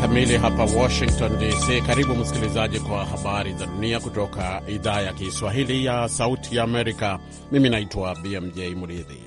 kamili hapa Washington DC. Karibu msikilizaji kwa habari za dunia kutoka idhaa ya Kiswahili ya Sauti ya Amerika. Mimi naitwa BMJ Mridhi.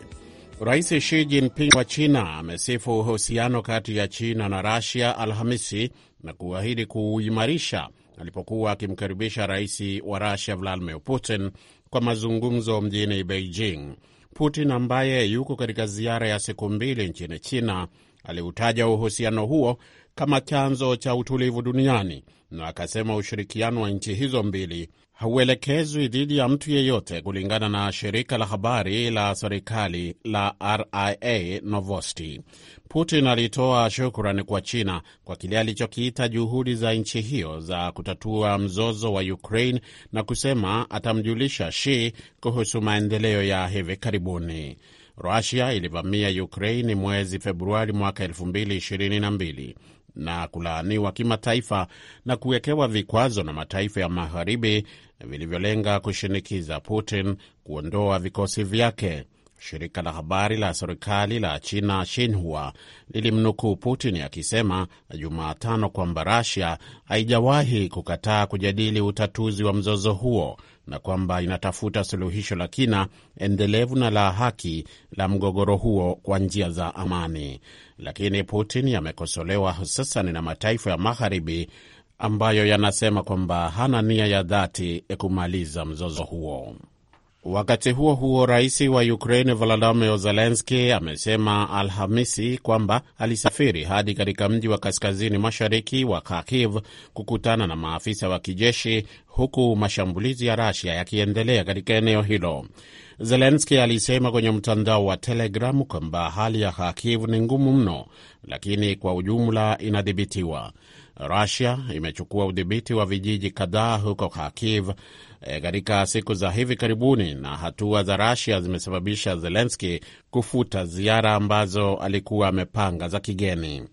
Rais Xi Jinping wa China amesifu uhusiano kati ya China na Rasia Alhamisi na kuahidi kuuimarisha alipokuwa akimkaribisha rais wa Rasia Vladimir Putin kwa mazungumzo mjini Beijing. Putin ambaye yuko katika ziara ya siku mbili nchini China aliutaja uhusiano huo kama chanzo cha utulivu duniani, na akasema ushirikiano wa nchi hizo mbili hauelekezwi dhidi ya mtu yeyote, kulingana na shirika la habari la serikali la RIA Novosti. Putin alitoa shukrani kwa China kwa kile alichokiita juhudi za nchi hiyo za kutatua mzozo wa Ukraine na kusema atamjulisha shi kuhusu maendeleo ya hivi karibuni. Rusia ilivamia ukrain mwezi Februari mwaka 2022 na kulaaniwa kimataifa na kuwekewa vikwazo na mataifa ya magharibi vilivyolenga kushinikiza Putin kuondoa vikosi vyake. Shirika la habari la serikali la China Shinhua lilimnukuu Putin akisema Jumatano kwamba Rasia haijawahi kukataa kujadili utatuzi wa mzozo huo na kwamba inatafuta suluhisho la kina, endelevu na la haki la mgogoro huo kwa njia za amani. Lakini Putin amekosolewa hususan na mataifa ya Magharibi ambayo yanasema kwamba hana nia ya dhati kumaliza mzozo huo. Wakati huo huo, rais wa ukrain Volodymyr Zelenski amesema Alhamisi kwamba alisafiri hadi katika mji wa kaskazini mashariki wa Kharkiv kukutana na maafisa wa kijeshi, huku mashambulizi ya Rasia yakiendelea katika eneo hilo. Zelenski alisema kwenye mtandao wa Telegramu kwamba hali ya Kharkiv ni ngumu mno, lakini kwa ujumla inadhibitiwa. Rasia imechukua udhibiti wa vijiji kadhaa huko Kharkiv Eh, katika e, siku za hivi karibuni, na hatua za rasia zimesababisha zelenski kufuta ziara ambazo alikuwa amepanga za kigeni.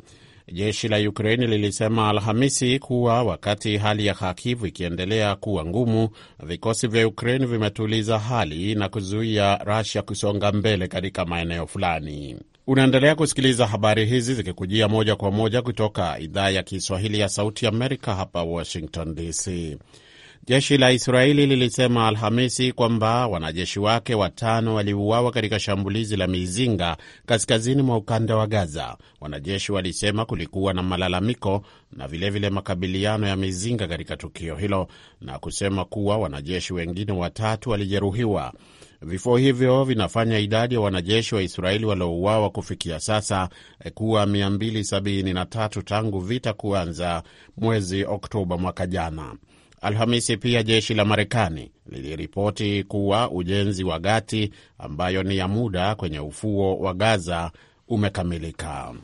Jeshi la Ukraini lilisema Alhamisi kuwa wakati hali ya Kharkiv ikiendelea kuwa ngumu, vikosi vya Ukraini vimetuliza hali na kuzuia rasia kusonga mbele katika maeneo fulani. Unaendelea kusikiliza habari hizi zikikujia moja kwa moja kutoka idhaa ya Kiswahili ya Sauti Amerika hapa Washington DC. Jeshi la Israeli lilisema Alhamisi kwamba wanajeshi wake watano waliuawa katika shambulizi la mizinga kaskazini mwa ukanda wa Gaza. Wanajeshi walisema kulikuwa na malalamiko na vilevile vile makabiliano ya mizinga katika tukio hilo, na kusema kuwa wanajeshi wengine watatu walijeruhiwa. Vifo hivyo vinafanya idadi ya wanajeshi wa Israeli waliouawa kufikia sasa eh, kuwa 273 tangu vita kuanza mwezi Oktoba mwaka jana. Alhamisi pia jeshi la Marekani liliripoti kuwa ujenzi wa gati ambayo ni ya muda kwenye ufuo wa Gaza umekamilika.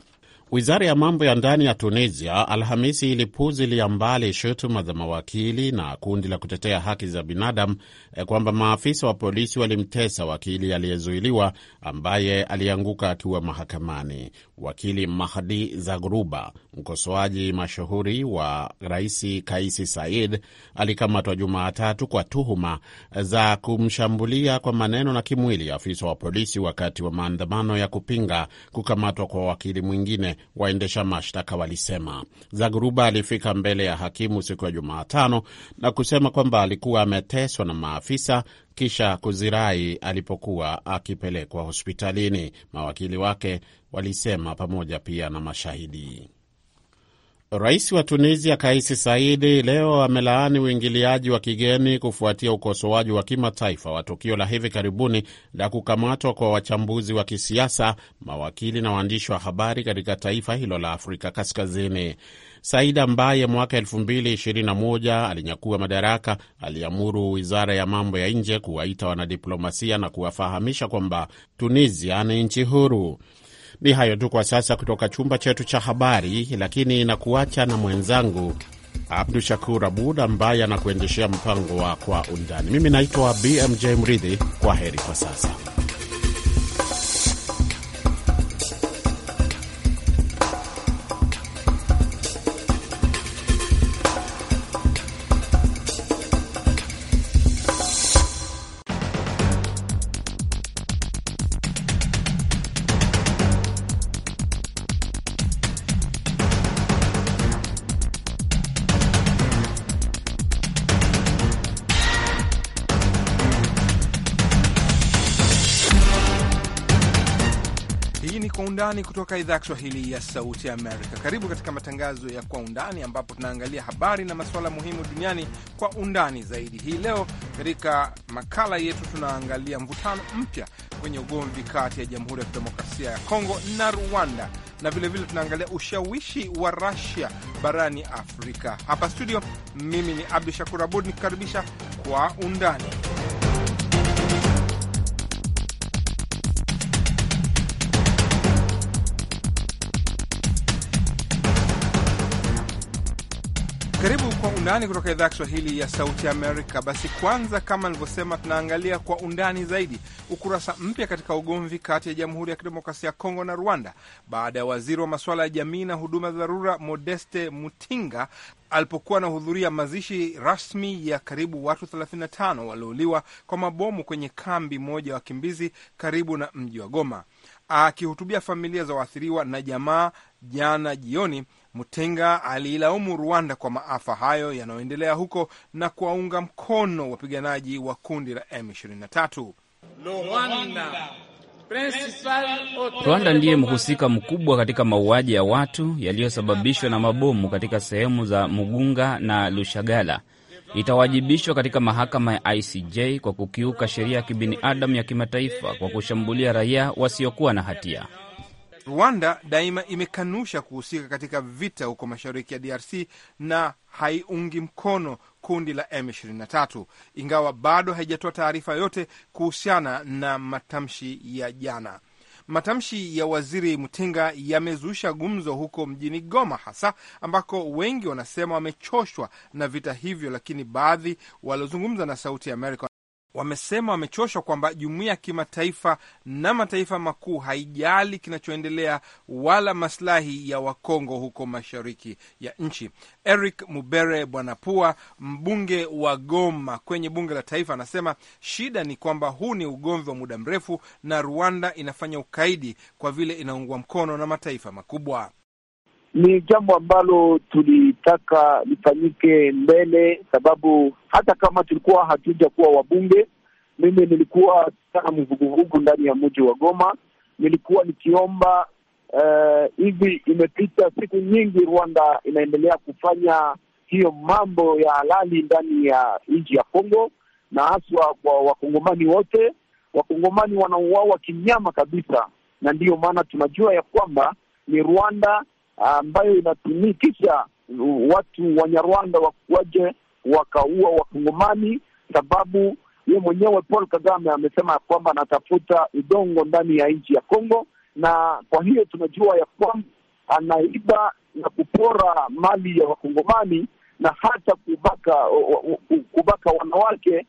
Wizara ya mambo ya ndani ya Tunisia Alhamisi ilipuzilia mbali shutuma za mawakili na kundi la kutetea haki za binadamu eh, kwamba maafisa wa polisi walimtesa wakili aliyezuiliwa ambaye alianguka akiwa mahakamani. Wakili Mahdi Zagruba, mkosoaji mashuhuri wa Rais Kaisi Said, alikamatwa Jumatatu kwa tuhuma za kumshambulia kwa maneno na kimwili afisa wa polisi wakati wa maandamano ya kupinga kukamatwa kwa wakili mwingine waendesha mashtaka walisema. Zaguruba alifika mbele ya hakimu siku ya Jumatano na kusema kwamba alikuwa ameteswa na maafisa kisha kuzirai alipokuwa akipelekwa hospitalini. Mawakili wake walisema pamoja pia na mashahidi. Rais wa Tunisia Kaisi Saidi leo amelaani uingiliaji wa kigeni kufuatia ukosoaji wa kimataifa wa tukio la hivi karibuni la kukamatwa kwa wachambuzi wa kisiasa, mawakili na waandishi wa habari katika taifa hilo la Afrika Kaskazini. Saidi ambaye mwaka 2021 alinyakua madaraka aliamuru wizara ya mambo ya nje kuwaita wanadiplomasia na kuwafahamisha kwamba Tunisia ni nchi huru. Ni hayo tu kwa sasa kutoka chumba chetu cha habari, lakini nakuacha na mwenzangu Abdu Shakur Abud ambaye anakuendeshea mpango wa Kwa Undani. Mimi naitwa BMJ Mridhi. Kwa heri kwa sasa. Undani kutoka idhaa ya Kiswahili ya Sauti ya Amerika. Karibu katika matangazo ya Kwa Undani, ambapo tunaangalia habari na masuala muhimu duniani kwa undani zaidi. Hii leo katika makala yetu tunaangalia mvutano mpya kwenye ugomvi kati ya Jamhuri ya Kidemokrasia ya Kongo na Rwanda, na vilevile tunaangalia ushawishi wa Rusia barani Afrika. Hapa studio, mimi ni Abdu Shakur Abud nikukaribisha Kwa Undani. Karibu kwa undani kutoka idhaa ya Kiswahili ya sauti Amerika. Basi kwanza, kama nilivyosema, tunaangalia kwa undani zaidi ukurasa mpya katika ugomvi kati ya Jamhuri ya Kidemokrasia ya Kongo na Rwanda baada ya waziri wa masuala ya jamii na huduma za dharura Modeste Mutinga alipokuwa anahudhuria mazishi rasmi ya karibu watu 35 waliouliwa kwa mabomu kwenye kambi moja ya wa wakimbizi karibu na mji wa Goma. Akihutubia familia za waathiriwa na jamaa jana jioni, Mutinga aliilaumu Rwanda kwa maafa hayo yanayoendelea huko na kuwaunga mkono wapiganaji wa kundi la M23. Rwanda, Rwanda ndiye mhusika mkubwa katika mauaji ya watu yaliyosababishwa na mabomu katika sehemu za Mugunga na Lushagala itawajibishwa katika mahakama ya ICJ kwa kukiuka sheria ya kibinadamu ya kimataifa kwa kushambulia raia wasiokuwa na hatia. Rwanda daima imekanusha kuhusika katika vita huko mashariki ya DRC na haiungi mkono kundi la M23 ingawa bado haijatoa taarifa yote kuhusiana na matamshi ya jana. Matamshi ya waziri Mtinga yamezusha gumzo huko mjini Goma, hasa ambako wengi wanasema wamechoshwa na vita hivyo, lakini baadhi waliozungumza na Sauti ya Amerika wamesema wamechoshwa kwamba jumuiya ya kimataifa na mataifa makuu haijali kinachoendelea wala maslahi ya Wakongo huko mashariki ya nchi. Eric Mubere Bwanapua, mbunge wa Goma kwenye bunge la taifa, anasema shida ni kwamba huu ni ugomvi wa muda mrefu na Rwanda inafanya ukaidi kwa vile inaungwa mkono na mataifa makubwa ni jambo ambalo tulitaka lifanyike mbele, sababu hata kama tulikuwa hatuja kuwa wabunge, mimi nilikuwa sana mvuguvugu ndani ya mji wa Goma, nilikuwa nikiomba eh, hivi. Uh, imepita siku nyingi, Rwanda inaendelea kufanya hiyo mambo ya halali ndani ya nchi ya Kongo, na haswa kwa wakongomani wote. Wakongomani wanauawa kinyama kabisa, na ndiyo maana tunajua ya kwamba ni Rwanda ambayo inatumikisha watu watu Wanyarwanda wakuaje wakaua Wakongomani, sababu ye mwenyewe Paul Kagame amesema ya kwamba anatafuta udongo ndani ya nchi ya Kongo, na kwa hiyo tunajua ya kwamba anaiba na kupora mali ya Wakongomani na hata kubaka kubaka wanawake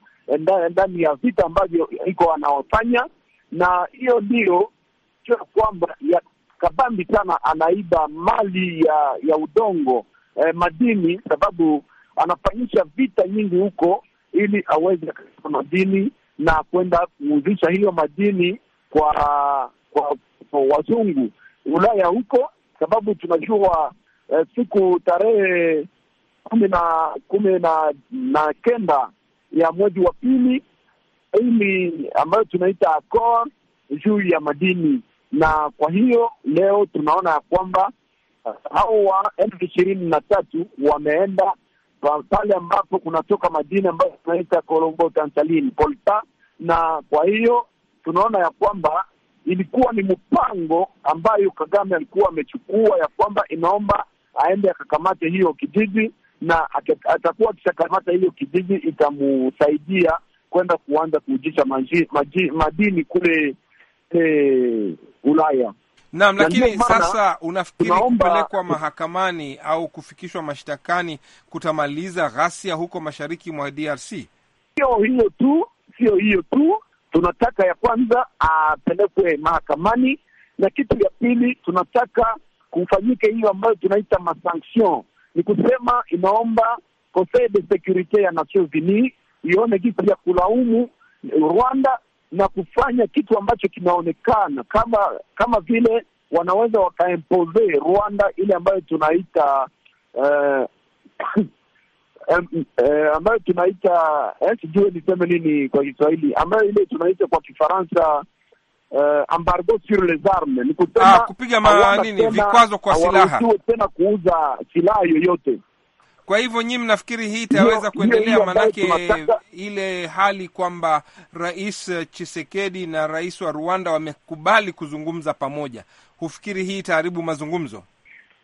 ndani ya vita ambavyo iko anaofanya, na hiyo ndiyo sio kwamba ya kabambi sana anaiba mali ya ya udongo eh, madini, sababu anafanyisha vita nyingi huko ili aweze katika madini na kwenda kuuzisha hiyo madini kwa kwa, kwa wazungu Ulaya huko, sababu tunajua eh, siku tarehe kumi na kumi na, na kenda ya mwezi wa pili ili ambayo tunaita akor juu ya madini na kwa hiyo leo tunaona ya kwamba uh, hao wa ishirini na tatu wameenda pale ambapo kunatoka madini ambayo tunaita Colombo Tantalin Polta, na kwa hiyo tunaona ya kwamba ilikuwa ni mpango ambayo Kagame alikuwa amechukua ya kwamba inaomba aende akakamate hiyo kijiji, na atakuwa akishakamata hiyo kijiji itamusaidia kwenda kuanza kuujisha madini kule Eh, Ulaya. Naam, lakini sasa unafikiri kupelekwa mahakamani au kufikishwa mashtakani kutamaliza ghasia huko mashariki mwa DRC? Sio hiyo tu, sio hiyo tu, tunataka ya kwanza apelekwe mahakamani, na kitu ya pili tunataka kufanyike hiyo ambayo tunaita masanction, ni kusema inaomba Conseil de Securite ya Nations Unies ione kitu ya kulaumu Rwanda na kufanya kitu ambacho kinaonekana kama kama vile wanaweza wakaempoze Rwanda ile ambayo tunaita eh, eh ambayo tunaita eh, sijue niseme nini kwa Kiswahili, ambayo ile tunaita kwa Kifaransa eh, embargo sur les armes, ni kusema ah, kupiga ma nini vikwazo kwa silaha, tena kuuza silaha yoyote. Kwa hivyo nyinyi mnafikiri hii itaweza kuendelea? Maanake ile hali kwamba Rais Chisekedi na rais wa Rwanda wamekubali kuzungumza pamoja, hufikiri hii itaharibu mazungumzo?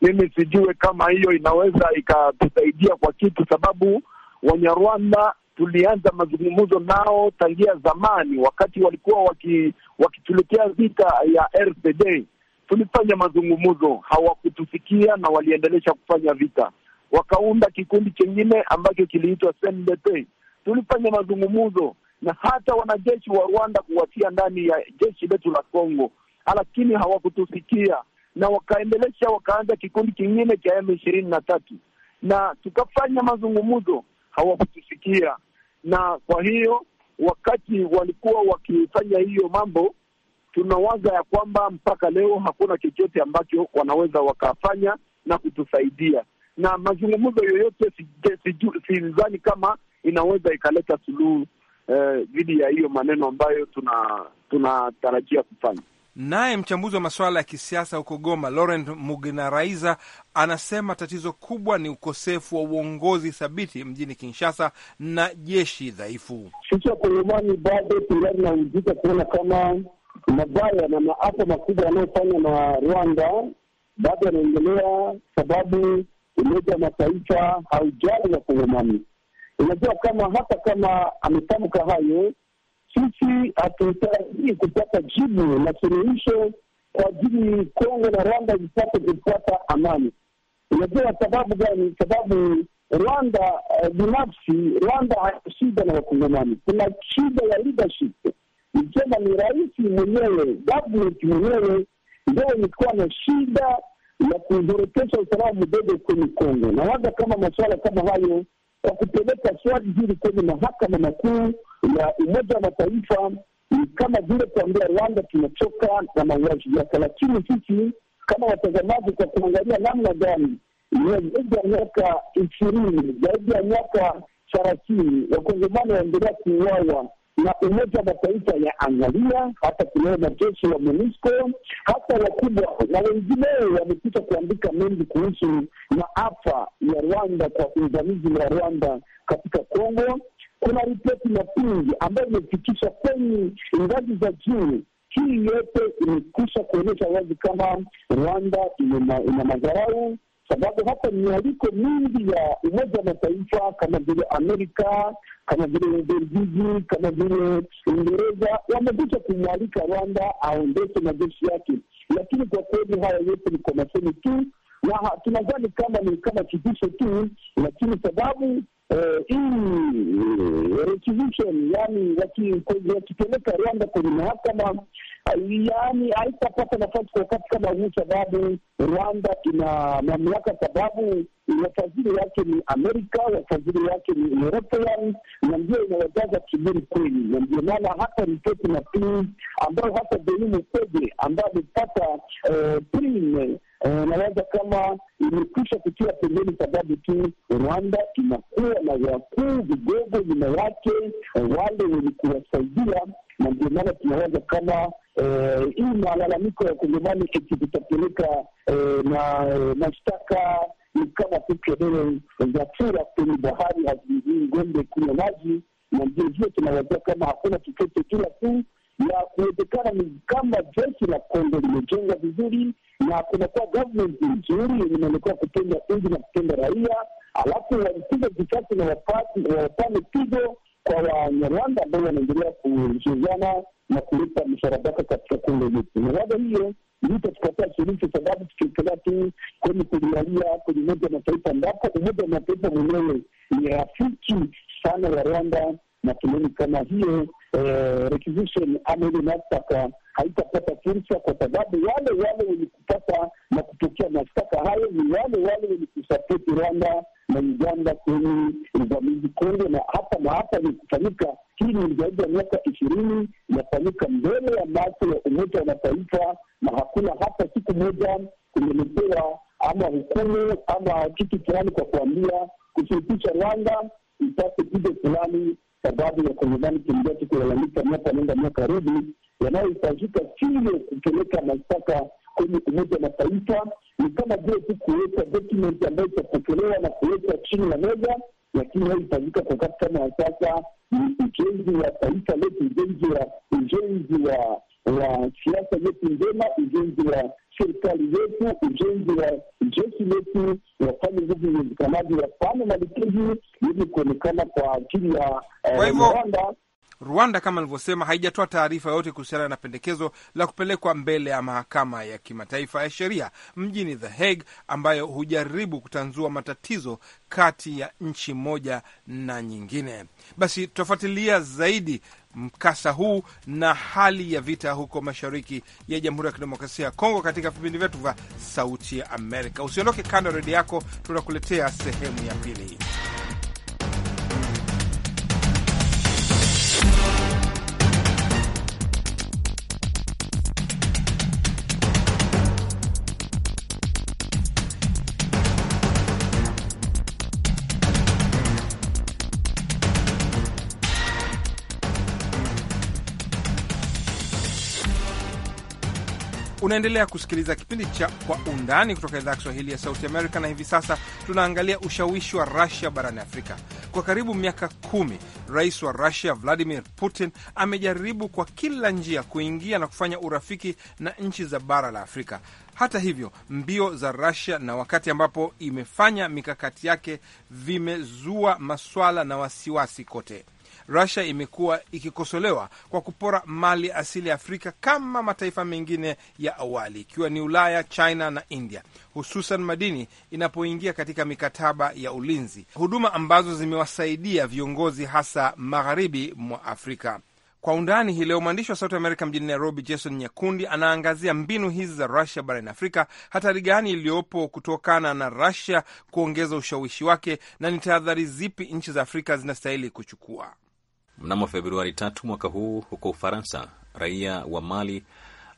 Mimi sijue kama hiyo inaweza ikatusaidia kwa kitu, sababu Wanyarwanda tulianza mazungumzo nao tangia zamani, wakati walikuwa waki, wakituletea vita ya RCD tulifanya mazungumzo, hawakutusikia na waliendelesha kufanya vita wakaunda kikundi kingine ambacho kiliitwa SNDP. Tulifanya mazungumzo na hata wanajeshi wa Rwanda kuwatia ndani ya jeshi letu la Kongo, lakini hawakutusikia na wakaendelesha, wakaanza kikundi kingine cha M ishirini na tatu na tukafanya mazungumzo, hawakutusikia. Na kwa hiyo wakati walikuwa wakifanya hiyo mambo, tunawaza ya kwamba mpaka leo hakuna chochote ambacho wanaweza wakafanya na kutusaidia na mazungumzo yoyote sidhani kama inaweza ikaleta suluhu eh, dhidi eh, ya hiyo maneno ambayo tunatarajia tuna kufanya. Naye mchambuzi wa masuala ya kisiasa huko Goma, Laurent Mugnaraiza, anasema tatizo kubwa ni ukosefu wa uongozi thabiti mjini Kinshasa na jeshi dhaifu. Sisi wakongomani bado tungali nauzika kuona kama mabaya na maafa makubwa yanayofanywa na Rwanda bado yanaendelea, sababu Umoja wa Mataifa haujali Wakongomani. Unajua kama hata kama ametamka hayo, sisi hatutarajii kupata jibu na suluhisho kwa ajili Kongo na Rwanda zipate kupata amani. Unajua sababu gani? Sababu Rwanda eh, binafsi, uh, Rwanda hana shida na Wakongomani, kuna shida ya leadership. Nikisema ni rais mwenyewe, government mwenyewe ndio ilikuwa na shida na kuzorotesha usalama mdogo kwenye Kongo. na waza kama masuala kama hayo kwa kupeleka swali hili kwenye mahakama makuu ya Umoja wa Mataifa ni kama vile kuambia Rwanda tunachoka na mauaji yake, lakini sisi kama watazamaji, kwa kuangalia namna gani zaidi ya miaka ishirini zaidi ya miaka thelathini wakongomani waendelea kuuawa na Umoja wa Mataifa yaangalia, hata kunao majeshi wa MONUSCO hata wakubwa na wengineo wamekuja kuandika mengi kuhusu maafa ya Rwanda kwa uvamizi wa Rwanda katika Kongo. Kuna ripoti na pingi ambayo imefikisha kwenye ngazi za juu. Hii yote imekwisha kuonyesha wazi kama Rwanda ina madharau sababu hata mialiko mingi ya Umoja wa Mataifa kama vile Amerika, kama vile Ubelgiji, kama vile Uingereza wamekuja kumwalika Rwanda aondeshe majeshi yake, lakini kwa kweli haya yote ni kwa masemi tu na tunadhani kama ni kama kitisho tu, lakini sababu eh, hii yaani wakipeleka Rwanda kwenye mahakama yaani haitapata nafasi kwa wakati kama huu, sababu Rwanda ina mamlaka, sababu wafadhili wake ni Amerika, wafadhili wake ni European na ndio inawajaza kiburi kweli, na ndio maana hata ripoti na pi ambayo hata Denis Mukwege ambaye amepata eh, prime eh, naweza kama imekwisha kutia pembeni, sababu tu Rwanda inakuwa na wakuu vigogo nyuma yake, eh, wale wenye kuwasaidia na ndio maana tunawaza kama eh, hii malalamiko ya Kongomani ikitapeleka eh, na eh, mashtaka ni kama tu kelele za chura kwenye bahari, hazijui ng'ombe kunywa maji, na ndio hiyo tunawazia kama hakuna chochote kila tu na kuwezekana ni kama jeshi la Kongo limejenga vizuri na kunakuwa government nzuri yenye inaelekea kupenda nji na kupenda raia, alafu walipiga vikasi na wapane pigo kwa Wanyarwanda ambao wanaendelea kushizana na kuleta misharabaka katika Kongo yetu. Mirada hiyo ndio itatupatia suluhisho, sababu tukiekelea tu kwenye kulialia kwenye Umoja wa Mataifa ambapo Umoja wa Mataifa mwenyewe ni rafiki sana ya Rwanda na tunaoni kama hiyo eh, requisition ama ile mashtaka haitapata fursa, kwa sababu wale wale wenye kupata na kupokea mashtaka hayo ni wale wale wenye kusapoti Rwanda na Uganda kwenye uvamizi Kongo, na hapa hapa ni kufanyika. Hii ni zaidi ya miaka ishirini inafanyika mbele ya macho ya Umoja wa Mataifa, na hakuna hata siku moja kumeletewa ama hukumu ama kitu fulani kwa kuambia kushirikisha Rwanda ipate pigo fulani, sababu ya kongomani kuingia tukulalamika miaka nenda miaka rudi, yanayohitajika siyo kupeleka mashtaka kwenye Umoja Mataifa. Ni kama vile tu kuweka document ambayo itapokelewa na kuweka chini ya meza, lakini haitafanyika kwa wakati kama ya sasa. Ni ujenzi wa taifa letu, ujenzi wa ujenzi wa wa siasa yetu njema, ujenzi wa serikali yetu, ujenzi wa jeshi letu, wafanye nguvu uwezekanaji, wafanye marekezi ili kuonekana kwa ajili ya eh, Rwanda Rwanda kama alivyosema haijatoa taarifa yoyote kuhusiana na pendekezo la kupelekwa mbele ya mahakama ya kimataifa ya sheria mjini The Hague, ambayo hujaribu kutanzua matatizo kati ya nchi moja na nyingine. Basi tutafuatilia zaidi mkasa huu na hali ya vita huko mashariki ya Jamhuri ya Kidemokrasia ya Kongo katika vipindi vyetu vya Sauti ya Amerika. Usiondoke kando ya redio yako, tunakuletea sehemu ya pili. Unaendelea kusikiliza kipindi cha Kwa Undani kutoka idhaa ya Kiswahili ya Sauti Amerika, na hivi sasa tunaangalia ushawishi wa Rusia barani Afrika. Kwa karibu miaka kumi, rais wa Rusia Vladimir Putin amejaribu kwa kila njia kuingia na kufanya urafiki na nchi za bara la Afrika. Hata hivyo mbio za rasia na wakati ambapo imefanya mikakati yake vimezua maswala na wasiwasi kote rasia imekuwa ikikosolewa kwa kupora mali asili ya Afrika kama mataifa mengine ya awali, ikiwa ni Ulaya, China na India, hususan madini inapoingia katika mikataba ya ulinzi, huduma ambazo zimewasaidia viongozi hasa magharibi mwa Afrika. Kwa undani hii leo, mwandishi wa Sauti Amerika mjini Nairobi, Jason Nyakundi, anaangazia mbinu hizi za Rusia barani Afrika, hatari gani iliyopo kutokana na Rusia kuongeza ushawishi wake, na ni tahadhari zipi nchi za Afrika zinastahili kuchukua. Mnamo Februari tatu mwaka huu huko Ufaransa, raia wa Mali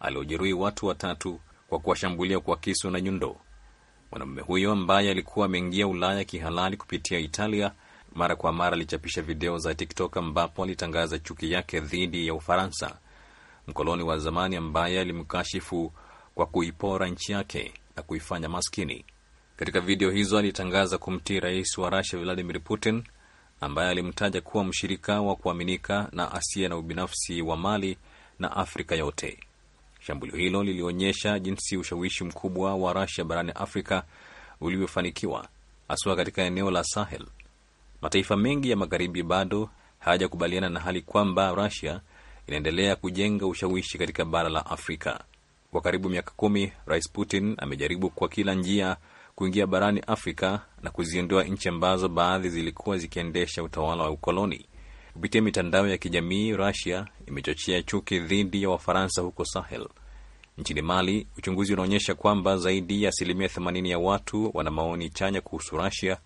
aliojeruhi watu watatu kwa kuwashambulia kwa kisu na nyundo. Mwanamume huyo ambaye alikuwa ameingia Ulaya kihalali kupitia Italia mara kwa mara alichapisha video za TikTok ambapo alitangaza chuki yake dhidi ya Ufaransa, mkoloni wa zamani ambaye alimkashifu kwa kuipora nchi yake na kuifanya maskini. Katika video hizo alitangaza kumtii rais wa Rusia Vladimir Putin ambaye alimtaja kuwa mshirika wa kuaminika na asiye na ubinafsi wa Mali na Afrika yote. Shambulio hilo lilionyesha jinsi ushawishi mkubwa wa rasia barani Afrika ulivyofanikiwa haswa katika eneo la Sahel. Mataifa mengi ya magharibi bado hayajakubaliana na hali kwamba rasia inaendelea kujenga ushawishi katika bara la Afrika. Kwa karibu miaka kumi, Rais Putin amejaribu kwa kila njia kuingia barani Afrika na kuziondoa nchi ambazo baadhi zilikuwa zikiendesha utawala wa ukoloni. Kupitia mitandao ya kijamii, Rusia imechochea chuki dhidi ya Wafaransa huko Sahel. Nchini Mali, uchunguzi unaonyesha kwamba zaidi ya asilimia 80 ya watu wana maoni chanya kuhusu Rusia,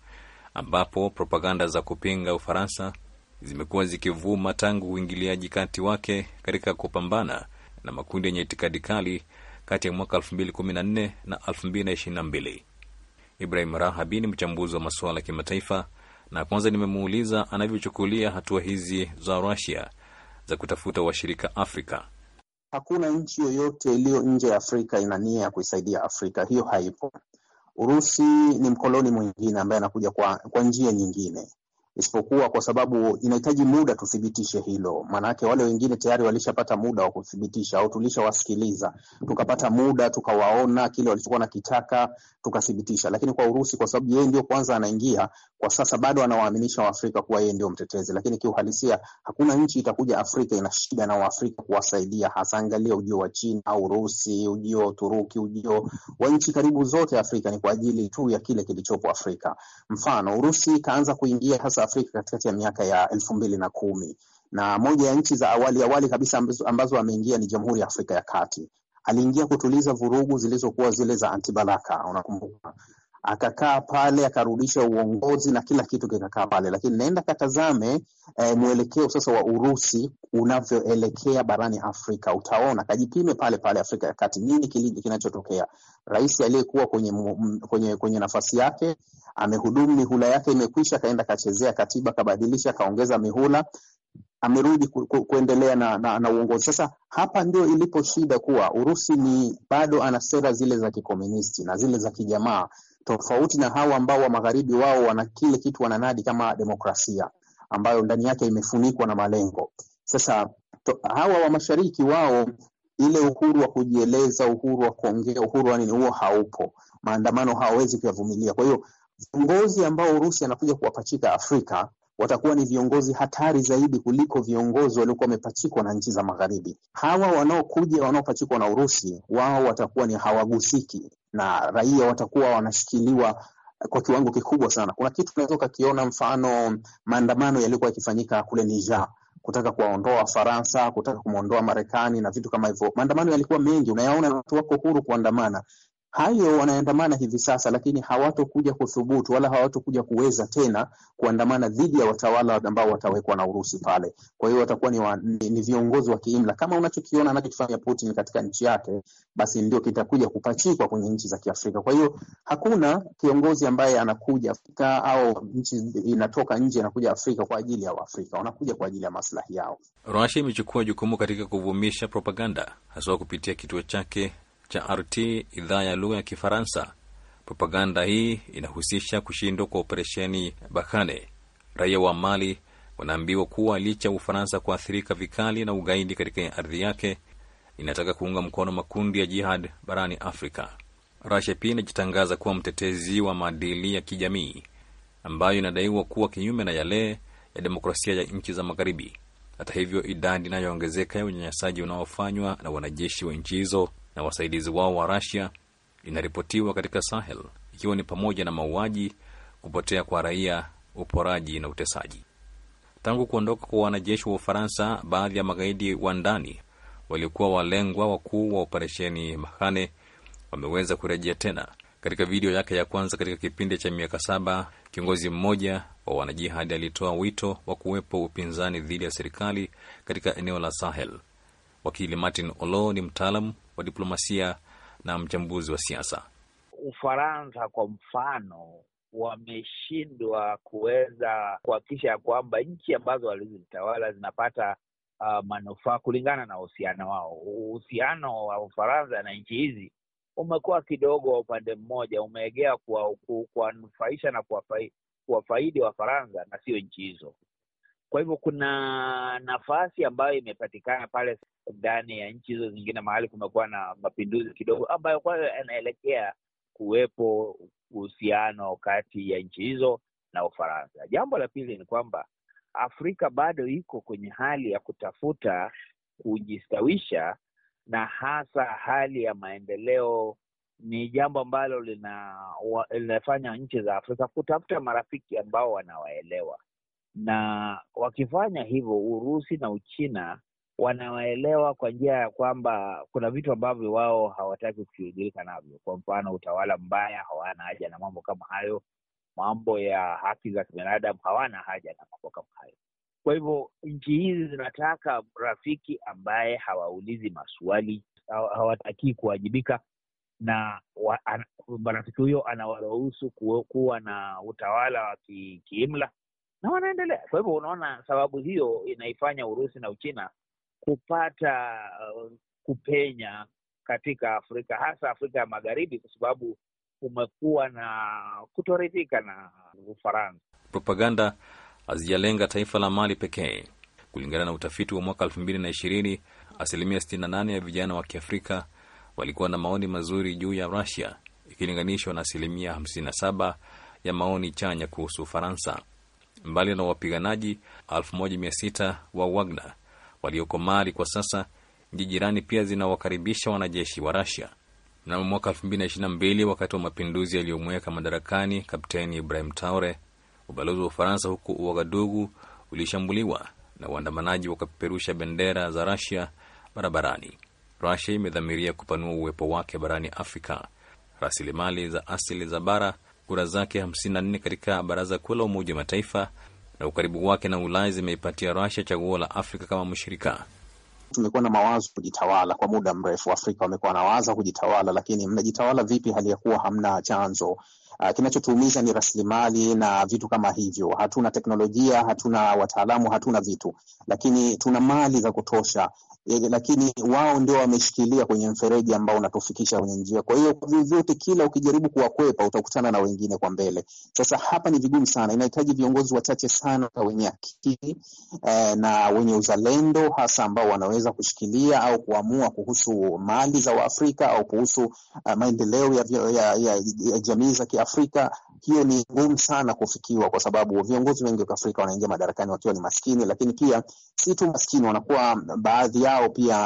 ambapo propaganda za kupinga Ufaransa zimekuwa zikivuma tangu uingiliaji kati wake katika kupambana na makundi yenye itikadi kali kati ya mwaka 2014 na 2022. Ibrahim Rahabi ni mchambuzi wa masuala ya kimataifa, na kwanza nimemuuliza anavyochukulia hatua hizi za rasia za kutafuta washirika Afrika. Hakuna nchi yoyote iliyo nje ya Afrika ina nia ya kuisaidia Afrika, hiyo haipo. Urusi ni mkoloni mwingine ambaye anakuja kwa, kwa njia nyingine isipokuwa kwa sababu inahitaji muda tuthibitishe hilo. Maanake wale wengine tayari walishapata muda wa kuthibitisha, au tulishawasikiliza tukapata muda tukawaona kile walichokuwa nakitaka tukathibitisha. Lakini kwa Urusi, kwa sababu yeye ndio kwanza anaingia kwa sasa, bado anawaaminisha Waafrika kuwa yeye ndio mtetezi, lakini kiuhalisia hakuna nchi itakuja Afrika ina shida na Waafrika kuwasaidia, hasa angalia ujio wa China Urusi, ujio wa Uturuki, ujio wa nchi karibu zote Afrika ni kwa ajili tu ya kile kilichopo Afrika. Mfano Urusi ikaanza kuingia hasa Afrika katikati ya miaka ya elfu mbili na kumi na moja ya nchi za awali awali kabisa ambazo, ambazo ameingia ni Jamhuri ya Afrika ya Kati. Aliingia kutuliza vurugu zilizokuwa zile za Antibalaka, unakumbuka akakaa pale akarudisha uongozi na kila kitu kikakaa pale, lakini naenda katazame e, mwelekeo sasa wa Urusi unavyoelekea barani Afrika. Utaona kajipime pale pale Afrika ya Kati, nini kinachotokea. Rais aliyekuwa kwenye, kwenye, kwenye nafasi yake amehudumu, mihula yake imekwisha, akaenda kachezea katiba, akabadilisha, akaongeza mihula amerudi ku, ku, kuendelea na, na, na uongozi sasa. Hapa ndio ilipo shida, kuwa Urusi ni bado ana sera zile za kikomunisti na zile za kijamaa tofauti na hawa ambao wa magharibi wao wana kile kitu wananadi kama demokrasia ambayo ndani yake imefunikwa na malengo. Sasa to, hawa wa mashariki wao ile uhuru wa kujieleza, uhuru wa kuongea, uhuru wa nini, huo haupo. Maandamano hawawezi kuyavumilia. Kwa hiyo viongozi ambao Urusi anakuja kuwapachika Afrika watakuwa ni viongozi hatari zaidi kuliko viongozi waliokuwa wamepachikwa na nchi za magharibi. Hawa wanaokuja wanaopachikwa na Urusi, wao watakuwa ni hawagusiki na raia watakuwa wanashikiliwa kwa kiwango kikubwa sana. Kuna kitu kinaweza ukakiona, mfano maandamano yaliyokuwa yakifanyika kule Niger kutaka kuwaondoa Faransa, kutaka kumwondoa Marekani na vitu kama hivyo. Maandamano yalikuwa mengi, unayaona watu wako huru kuandamana, hayo wanaandamana hivi sasa, lakini hawatokuja kuthubutu wala hawatokuja kuweza tena kuandamana dhidi ya watawala ambao watawekwa na Urusi pale. Kwa hiyo watakuwa ni, wa, ni, ni viongozi wa kiimla kama unachokiona anachokifanya Putin katika nchi yake, basi ndio kitakuja kupachikwa kwenye nchi za Kiafrika. Kwa hiyo hakuna kiongozi ambaye anakuja Afrika au nchi inatoka nje anakuja Afrika kwa ajili ya Waafrika, wanakuja kwa ajili ya maslahi yao. Russia imechukua jukumu katika kuvumisha propaganda, haswa kupitia kituo chake cha RT idhaa ya lugha ya Kifaransa. Propaganda hii inahusisha kushindwa kwa operesheni bakane Raia wa Mali wanaambiwa kuwa licha ya Ufaransa kuathirika vikali na ugaidi katika ardhi yake, inataka kuunga mkono makundi ya jihad barani Afrika. Rasia pia inajitangaza kuwa mtetezi wa maadili ya kijamii ambayo inadaiwa kuwa kinyume na yale ya demokrasia ya nchi za Magharibi. Hata hivyo, idadi inayoongezeka ya unyanyasaji unaofanywa na wanajeshi wa nchi hizo na wasaidizi wao wa rasia inaripotiwa katika Sahel, ikiwa ni pamoja na mauaji, kupotea kwa raia, uporaji na utesaji. Tangu kuondoka kwa wanajeshi wa Ufaransa, baadhi ya magaidi wa ndani waliokuwa walengwa wakuu wa operesheni Mahane wameweza kurejea tena. Katika video yake ya kwanza katika kipindi cha miaka saba, kiongozi mmoja wa wanajihadi alitoa wito wa kuwepo upinzani dhidi ya serikali katika eneo la Sahel. Wakili Martin Olo ni mtaalam wa diplomasia na mchambuzi wa siasa. Ufaransa kwa mfano wameshindwa kuweza kuhakikisha ya kwamba nchi ambazo walizitawala zinapata uh, manufaa kulingana na uhusiano wao. Uhusiano wa Ufaransa na nchi hizi umekuwa kidogo wa upande mmoja, umeegea kuwanufaisha na kuwafaidi Wafaransa na sio nchi hizo. Kwa hivyo kuna nafasi ambayo imepatikana pale ndani ya nchi hizo zingine, mahali kumekuwa na mapinduzi kidogo, ambayo kwayo yanaelekea kuwepo uhusiano kati ya nchi hizo na Ufaransa. Jambo la pili ni kwamba Afrika bado iko kwenye hali ya kutafuta kujistawisha, na hasa hali ya maendeleo ni jambo ambalo lina, linafanya nchi za Afrika kutafuta marafiki ambao wanawaelewa na wakifanya hivyo Urusi na Uchina wanawaelewa kwa njia ya kwamba kuna vitu ambavyo wao hawataki kushughulika navyo. Kwa mfano, utawala mbaya, hawana haja na mambo kama hayo. Mambo ya haki za kibinadamu, hawana haja na mambo kama hayo. Kwa hivyo nchi hizi zinataka rafiki ambaye hawaulizi maswali, hawatakii kuwajibika, na marafiki huyo anawaruhusu kuwa na utawala wa kiimla na wanaendelea. Kwa hivyo unaona, sababu hiyo inaifanya Urusi na Uchina kupata uh, kupenya katika Afrika, hasa Afrika ya Magharibi, kwa sababu kumekuwa na kutoridhika na Ufaransa. Propaganda hazijalenga taifa la Mali pekee. Kulingana na utafiti wa mwaka elfu mbili na ishirini, asilimia na nane ya vijana wa Kiafrika walikuwa na maoni mazuri juu ya Rusia ikilinganishwa na asilimia hamsini na saba ya maoni chanya kuhusu Ufaransa mbali na wapiganaji 1600 wa Wagner walioko Mali kwa sasa, nchi jirani pia zinawakaribisha wanajeshi wa rasia Mnamo mwaka 2022 wakati wa mapinduzi yaliyomweka madarakani Kapteni Ibrahim taure ubalozi wa Ufaransa huko Uagadugu ulishambuliwa na waandamanaji wakapeperusha bendera za rasia barabarani. Rasia imedhamiria kupanua uwepo wake barani Afrika. Rasilimali za asili za bara kura zake 54 katika Baraza Kuu la Umoja wa Mataifa, na ukaribu wake na Ulaya zimeipatia rasha chaguo la Afrika kama mshirika. Tumekuwa na mawazo kujitawala kwa muda mrefu, Afrika wamekuwa na wazo kujitawala, lakini mnajitawala vipi hali ya kuwa hamna chanzo? Ah, kinachotuumiza ni rasilimali na vitu kama hivyo. Hatuna teknolojia, hatuna wataalamu, hatuna vitu, lakini tuna mali za kutosha Eh, lakini wao ndio wameshikilia kwenye mfereji ambao unatufikisha kwenye njia. Kwa hiyo vyovyote, kila ukijaribu kuwakwepa utakutana na wengine kwa mbele. Sasa hapa ni vigumu sana, inahitaji viongozi wachache sana wenye akili eh, na wenye uzalendo hasa ambao wanaweza kushikilia au kuamua kuhusu mali za Waafrika au kuhusu uh, maendeleo ya, ya, ya, ya jamii za Kiafrika hiyo ni ngumu sana kufikiwa, kwa sababu viongozi wengi wa Afrika wanaingia madarakani wakiwa ni maskini, lakini pia si tu maskini, wanakuwa baadhi yao pia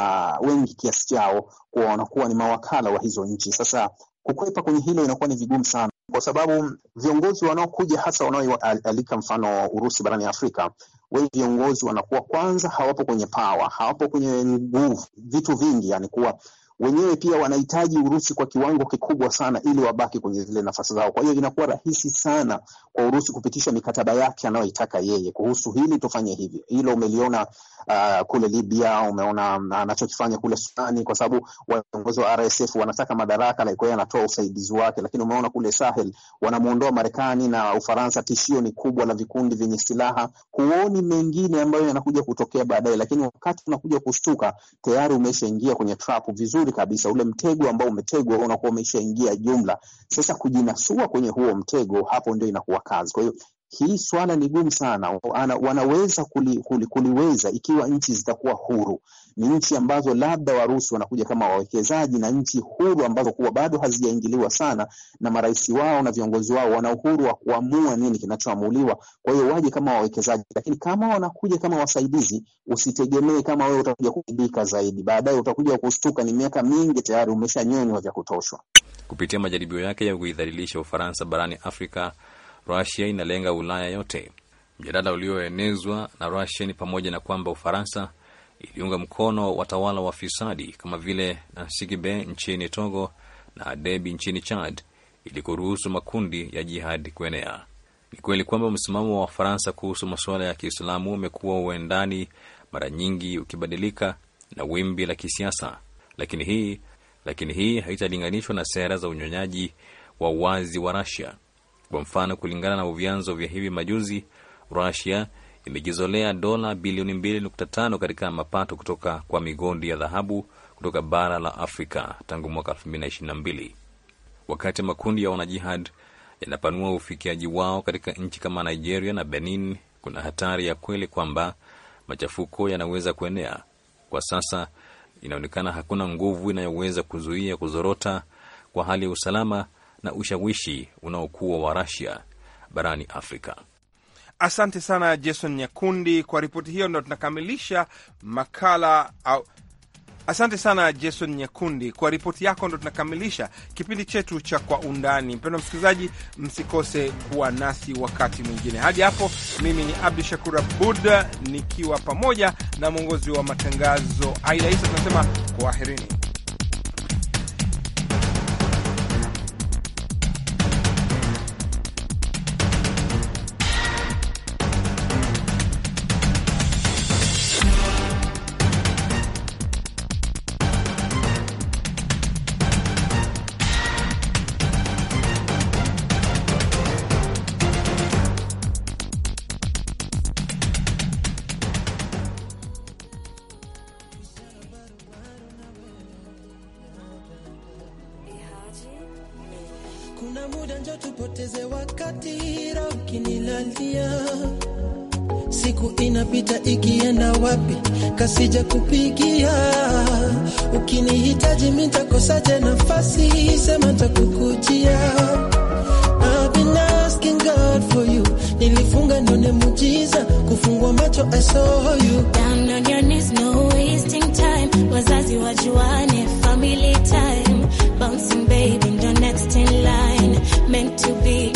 wengi kiasi chao kuwa wanakuwa ni mawakala wa hizo nchi. Sasa kukwepa kwenye hilo inakuwa ni vigumu sana kwa sababu viongozi wanaokuja hasa wanaoalika mfano Urusi barani Afrika, wengi viongozi wanakuwa kwanza hawapo kwenye pawa, hawapo kwenye nguvu, vitu vingi yani kuwa wenyewe pia wanahitaji Urusi kwa kiwango kikubwa sana ili wabaki kwenye zile nafasi zao. Kwa hiyo inakuwa rahisi sana kwa Urusi kupitisha mikataba yake anayoitaka yeye, kuhusu hili tufanye hivyo. Hilo umeliona uh, kule Libya, umeona um, anachokifanya kule Sudani, kwa sababu viongozi wa RSF wanataka madaraka, like yeye anatoa usaidizi wake, lakini umeona kule Sahel wanamuondoa Marekani na Ufaransa. Tishio ni kubwa la vikundi vyenye silaha. Huoni mengine ambayo yanakuja kutokea baadaye, lakini wakati unakuja kushtuka tayari umeshaingia kwenye trap vizuri vizuri kabisa, ule mtego ambao umetegwa unakuwa umeshaingia jumla. Sasa kujinasua kwenye huo mtego, hapo ndio inakuwa kazi. Kwa hiyo hii swala ni gumu sana, ana, wanaweza kuli, kuli, kuliweza ikiwa nchi zitakuwa huru. Ni nchi ambazo labda Warusi wanakuja kama wawekezaji na nchi huru ambazo kuwa bado hazijaingiliwa sana na marais wao na viongozi wao, wana uhuru wa kuamua nini kinachoamuliwa. Kwa hiyo waje kama wawekezaji, lakini kama wanakuja kama wasaidizi, usitegemee kama wewe utakuja kuibika zaidi. Baadaye utakuja kustuka, ni miaka mingi tayari umeshanyonywa vya kutoshwa. Kupitia majaribio yake ya kuidhalilisha Ufaransa barani Afrika Rusia inalenga Ulaya yote. Mjadala ulioenezwa na Rusia ni pamoja na kwamba Ufaransa iliunga mkono watawala wa fisadi kama vile Nsigibe nchini Togo na Debi nchini Chad ili kuruhusu makundi ya jihadi kuenea. Ni kweli kwamba msimamo wa Wafaransa kuhusu masuala ya Kiislamu umekuwa uendani, mara nyingi ukibadilika na wimbi la kisiasa, lakini hii lakini hii haitalinganishwa na sera za unyonyaji wa wazi wa Rasia. Kwa mfano, kulingana na vyanzo vya hivi majuzi, Rusia imejizolea dola bilioni 2.5 katika mapato kutoka kwa migodi ya dhahabu kutoka bara la Afrika tangu mwaka 2022 wakati makundi ya wanajihad yanapanua ufikiaji wao katika nchi kama Nigeria na Benin, kuna hatari ya kweli kwamba machafuko yanaweza kuenea. Kwa sasa inaonekana hakuna nguvu inayoweza kuzuia kuzorota kwa hali ya usalama na ushawishi unaokuwa wa Rasia barani Afrika. Asante sana Jason Nyakundi kwa ripoti hiyo, ndo tunakamilisha makala au... Asante sana Jason Nyakundi kwa ripoti yako, ndo tunakamilisha kipindi chetu cha Kwa Undani. Mpendwa msikilizaji, msikose kuwa nasi wakati mwingine. Hadi hapo, mimi ni Abdu Shakur Abud nikiwa pamoja na mwongozi wa matangazo Aida Isa, tunasema kwaherini. kupigia. ukinihitaji mimi nitakosaje nafasi, sema nitakukujia. I've been asking God for you, nilifunga nione mujiza, kufungua macho I saw you. Down on your knees, no wasting time, wazazi wajuane, family time, bouncing baby, the next in line, meant to be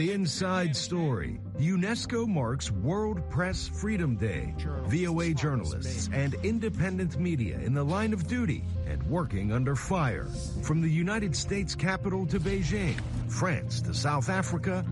the inside story, UNESCO marks World Press Freedom Day. VOA journalists and independent media in the line of duty and working under fire. From the United States capital to Beijing, France to South Africa,